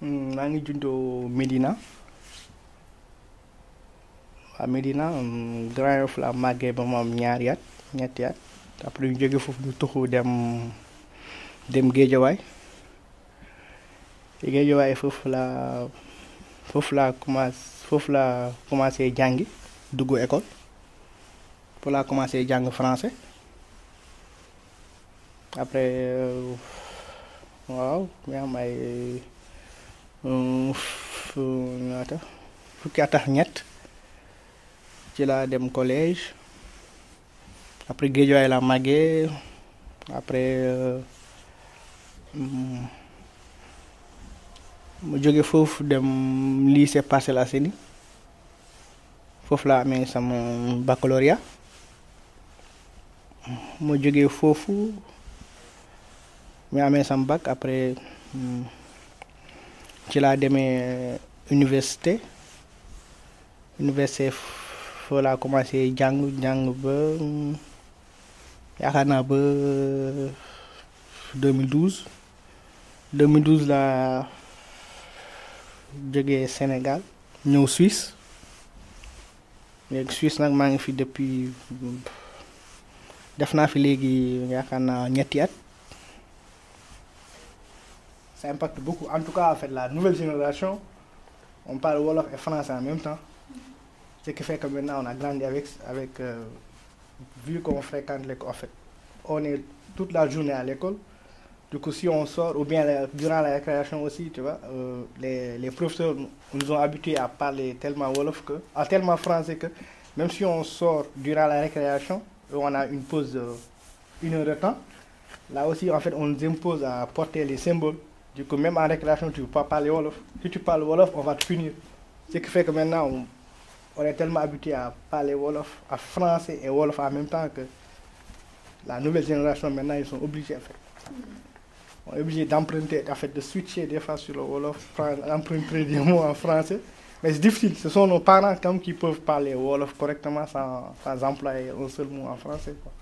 Hmm, maa ngi juddoo Medina waaw Medina hmm, Grand Yoff la màggee ba mu am ñaari at ñetti at après ñu jógee foofu ñu tuxu dem dem Géejawaay Géejawaay foofu la foofu la commencé foofu la commencé jàngi dugg école foofu la commencé jàng français après euh, waaw mi am ñaata fukki at ñett ci laa dem collège après Guédiawaye laa màggee après euh, mu jóge foofu dem lycée Parcelles Assainies foofu laa amee sama baccalauréat mu jóge foofu mu amee sama bac après. Hmm, ci laa demee euh, université université foo laa commencé jàng jàng ba yaakaar naa ba 2012 euh, 2012 laa jógee Sénégal ñëw Suisse léegi Suisse nag maa ngi fi depuis def naa fi léegi yaakaar naa ñetti at. ça impacte beaucoup en tout cas en fait la nouvelle génération on parle wolof et français en même temps ce qui fait que maintenant on a grandi avec euh, vu qu'on fréquente l'école en fait on est toute la journée à l'école du coup si on sort ou bien la, durant la récréation aussi tu vois euh, les les professeurs nous ont habitués à parler tellement wolof que à tellement français que même si on sort durant la récréation euh, on a une pause euh, une heure de temps là aussi en fait on nous impose à porter les Du coup, même en récréation, tu ne peux pas parler Wolof. Si tu parles Wolof, on va te punir. Ce qui fait que maintenant, on, est tellement habitué à parler Wolof, à français et Wolof en même temps que la nouvelle génération, maintenant, ils sont obligés à faire. On est obligé d'emprunter, en fait, de switcher des fois sur le Wolof, emprunter des mots en français. Mais c'est difficile, ce sont nos parents quand qui peuvent parler Wolof correctement sans, employer un seul mot en français. Quoi.